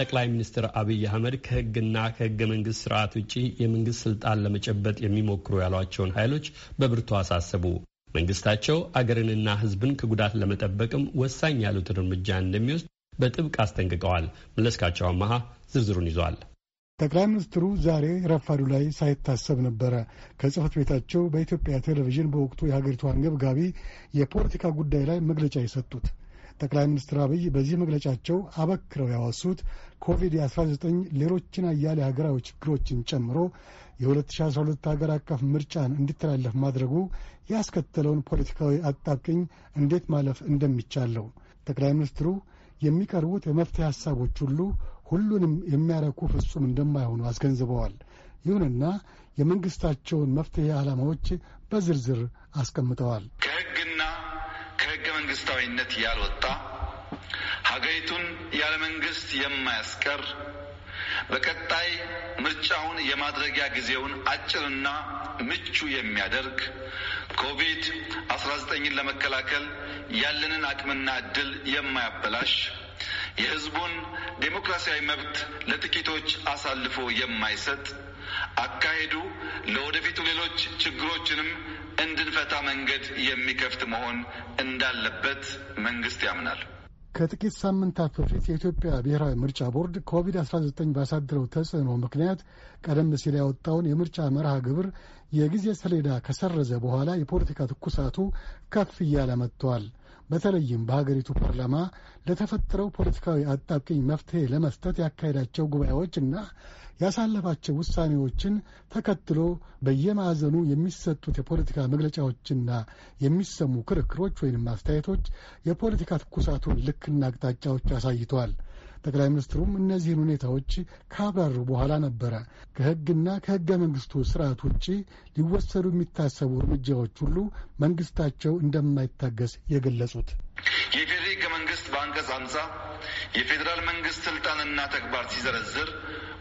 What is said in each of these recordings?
ጠቅላይ ሚኒስትር አብይ አህመድ ከህግና ከህገ መንግስት ስርዓት ውጪ የመንግስት ስልጣን ለመጨበጥ የሚሞክሩ ያሏቸውን ኃይሎች በብርቱ አሳሰቡ። መንግስታቸው አገርንና ህዝብን ከጉዳት ለመጠበቅም ወሳኝ ያሉትን እርምጃ እንደሚወስድ በጥብቅ አስጠንቅቀዋል። መለስካቸው አመሃ ዝርዝሩን ይዟል። ጠቅላይ ሚኒስትሩ ዛሬ ረፋዱ ላይ ሳይታሰብ ነበረ ከጽህፈት ቤታቸው በኢትዮጵያ ቴሌቪዥን በወቅቱ የሀገሪቱ አንገብጋቢ የፖለቲካ ጉዳይ ላይ መግለጫ የሰጡት። ጠቅላይ ሚኒስትር አብይ በዚህ መግለጫቸው አበክረው ያወሱት ኮቪድ-19 ሌሎችን አያሌ ሀገራዊ ችግሮችን ጨምሮ የ2012 ሀገር አቀፍ ምርጫን እንዲተላለፍ ማድረጉ ያስከተለውን ፖለቲካዊ አጣብቅኝ እንዴት ማለፍ እንደሚቻለው ጠቅላይ ሚኒስትሩ የሚቀርቡት የመፍትሄ ሀሳቦች ሁሉ ሁሉንም የሚያረኩ ፍጹም እንደማይሆኑ አስገንዝበዋል። ይሁንና የመንግስታቸውን መፍትሄ ዓላማዎች በዝርዝር አስቀምጠዋል። መንግስታዊነት ያልወጣ ሀገሪቱን ያለ መንግስት የማያስቀር በቀጣይ ምርጫውን የማድረጊያ ጊዜውን አጭርና ምቹ የሚያደርግ ኮቪድ አስራ ዘጠኝን ለመከላከል ያለንን አቅምና እድል የማያበላሽ የህዝቡን ዴሞክራሲያዊ መብት ለጥቂቶች አሳልፎ የማይሰጥ አካሄዱ ለወደፊት ሌሎች ችግሮችንም እንድንፈታ መንገድ የሚከፍት መሆን እንዳለበት መንግስት ያምናል። ከጥቂት ሳምንታት በፊት የኢትዮጵያ ብሔራዊ ምርጫ ቦርድ ኮቪድ-19 ባሳደረው ተጽዕኖ ምክንያት ቀደም ሲል ያወጣውን የምርጫ መርሃ ግብር የጊዜ ሰሌዳ ከሰረዘ በኋላ የፖለቲካ ትኩሳቱ ከፍ እያለ መጥቷል። በተለይም በሀገሪቱ ፓርላማ ለተፈጠረው ፖለቲካዊ አጣብቅኝ መፍትሄ ለመስጠት ያካሄዳቸው ጉባኤዎች እና ያሳለፋቸው ውሳኔዎችን ተከትሎ በየማዕዘኑ የሚሰጡት የፖለቲካ መግለጫዎችና የሚሰሙ ክርክሮች ወይም አስተያየቶች የፖለቲካ ትኩሳቱን ልክና አቅጣጫዎች አሳይተዋል። ጠቅላይ ሚኒስትሩም እነዚህን ሁኔታዎች ካብራሩ በኋላ ነበረ ከህግና ከህገ መንግስቱ ስርዓት ውጭ ሊወሰዱ የሚታሰቡ እርምጃዎች ሁሉ መንግስታቸው እንደማይታገስ የገለጹት የፌዴሪ ህገ መንግስት በአንቀጽ አምሳ የፌዴራል መንግስት ስልጣንና ተግባር ሲዘረዝር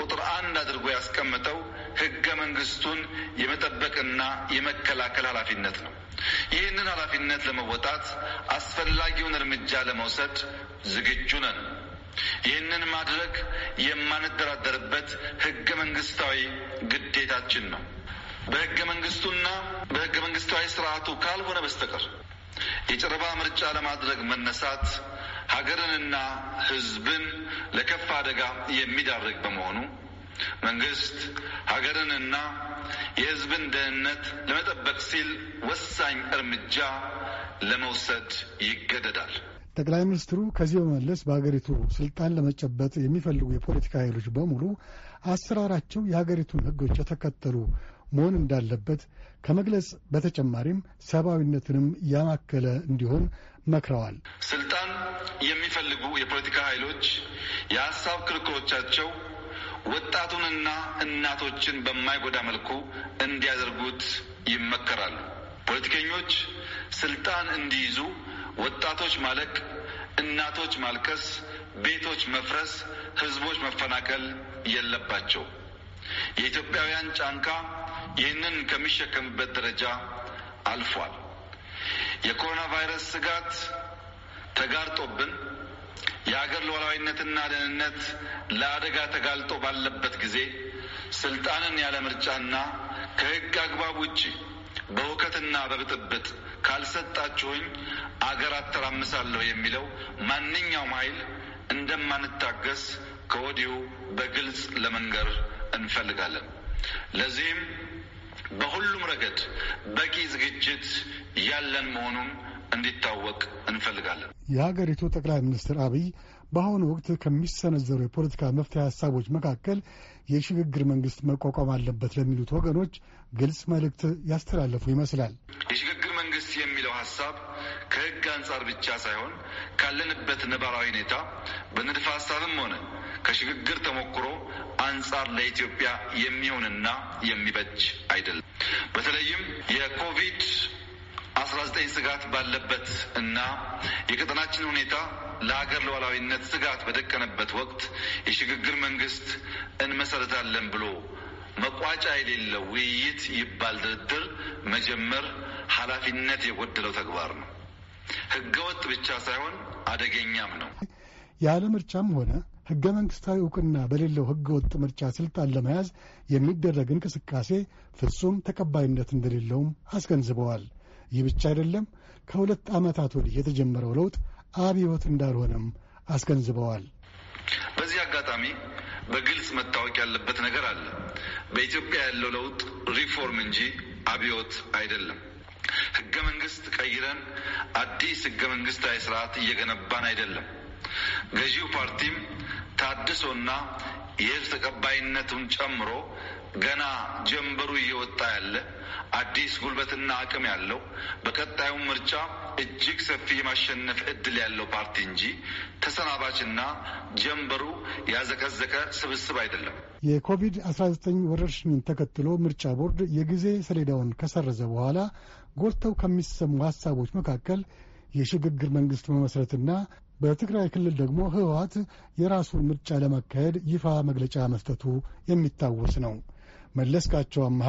ቁጥር አንድ አድርጎ ያስቀመጠው ህገ መንግስቱን የመጠበቅና የመከላከል ኃላፊነት ነው። ይህንን ኃላፊነት ለመወጣት አስፈላጊውን እርምጃ ለመውሰድ ዝግጁ ነን። ይህንን ማድረግ የማንደራደርበት ህገ መንግስታዊ ግዴታችን ነው። በህገ መንግስቱና በህገ መንግስታዊ ስርዓቱ ካልሆነ በስተቀር የጨረባ ምርጫ ለማድረግ መነሳት ሀገርንና ህዝብን ለከፍ አደጋ የሚዳርግ በመሆኑ መንግስት ሀገርንና የህዝብን ደህንነት ለመጠበቅ ሲል ወሳኝ እርምጃ ለመውሰድ ይገደዳል። ጠቅላይ ሚኒስትሩ ከዚህ በመለስ በሀገሪቱ ስልጣን ለመጨበጥ የሚፈልጉ የፖለቲካ ኃይሎች በሙሉ አሰራራቸው የሀገሪቱን ሕጎች የተከተሉ መሆን እንዳለበት ከመግለጽ በተጨማሪም ሰብአዊነትንም ያማከለ እንዲሆን መክረዋል። ስልጣን የሚፈልጉ የፖለቲካ ኃይሎች የሀሳብ ክርክሮቻቸው ወጣቱንና እናቶችን በማይጎዳ መልኩ እንዲያደርጉት ይመከራሉ። ፖለቲከኞች ስልጣን እንዲይዙ ወጣቶች ማለቅ፣ እናቶች ማልቀስ፣ ቤቶች መፍረስ፣ ህዝቦች መፈናቀል የለባቸው። የኢትዮጵያውያን ጫንቃ ይህንን ከሚሸከምበት ደረጃ አልፏል። የኮሮና ቫይረስ ስጋት ተጋርጦብን የሀገር ሉዓላዊነትና ደህንነት ለአደጋ ተጋልጦ ባለበት ጊዜ ስልጣንን ያለ ምርጫና ከህግ አግባብ ውጪ በእውከትና በብጥብጥ ካልሰጣችሁኝ አገር አተራምሳለሁ የሚለው ማንኛውም ኃይል እንደማንታገስ ከወዲሁ በግልጽ ለመንገር እንፈልጋለን። ለዚህም በሁሉም ረገድ በቂ ዝግጅት ያለን መሆኑን እንዲታወቅ እንፈልጋለን። የሀገሪቱ ጠቅላይ ሚኒስትር አብይ በአሁኑ ወቅት ከሚሰነዘሩ የፖለቲካ መፍትሄ ሀሳቦች መካከል የሽግግር መንግስት መቋቋም አለበት ለሚሉት ወገኖች ግልጽ መልእክት ያስተላለፉ ይመስላል። የሽግግር መንግስት የሚለው ሀሳብ ከህግ አንጻር ብቻ ሳይሆን ካለንበት ነባራዊ ሁኔታ በንድፈ ሀሳብም ሆነ ከሽግግር ተሞክሮ አንጻር ለኢትዮጵያ የሚሆንና የሚበጅ አይደለም። በተለይም የኮቪድ አስራ ስጋት ባለበት እና የቀጠናችን ሁኔታ ለሀገር ሉዓላዊነት ስጋት በደቀነበት ወቅት የሽግግር መንግስት እንመሰረታለን ብሎ መቋጫ የሌለው ውይይት ይባል ድርድር መጀመር ኃላፊነት የጎደለው ተግባር ነው። ህገወጥ ብቻ ሳይሆን አደገኛም ነው። ያለ ምርጫም ሆነ ህገ መንግስታዊ እውቅና በሌለው ህገወጥ ምርጫ ስልጣን ለመያዝ የሚደረግ እንቅስቃሴ ፍጹም ተቀባይነት እንደሌለውም አስገንዝበዋል። ይህ ብቻ አይደለም። ከሁለት ዓመታት ወዲህ የተጀመረው ለውጥ አብዮት እንዳልሆነም አስገንዝበዋል። በዚህ አጋጣሚ በግልጽ መታወቅ ያለበት ነገር አለ። በኢትዮጵያ ያለው ለውጥ ሪፎርም እንጂ አብዮት አይደለም። ህገ መንግስት ቀይረን አዲስ ህገ መንግስታዊ ስርዓት እየገነባን አይደለም። ገዢው ፓርቲም ታድሶና የህዝብ ተቀባይነቱን ጨምሮ ገና ጀም አዲስ ጉልበትና አቅም ያለው በቀጣዩም ምርጫ እጅግ ሰፊ የማሸነፍ እድል ያለው ፓርቲ እንጂ ተሰናባችና ጀንበሩ ያዘቀዘቀ ስብስብ አይደለም። የኮቪድ-19 ወረርሽኝን ተከትሎ ምርጫ ቦርድ የጊዜ ሰሌዳውን ከሰረዘ በኋላ ጎልተው ከሚሰሙ ሀሳቦች መካከል የሽግግር መንግስት መመስረትና በትግራይ ክልል ደግሞ ህወሀት የራሱን ምርጫ ለማካሄድ ይፋ መግለጫ መስጠቱ የሚታወስ ነው። መለስካቸው አምሃ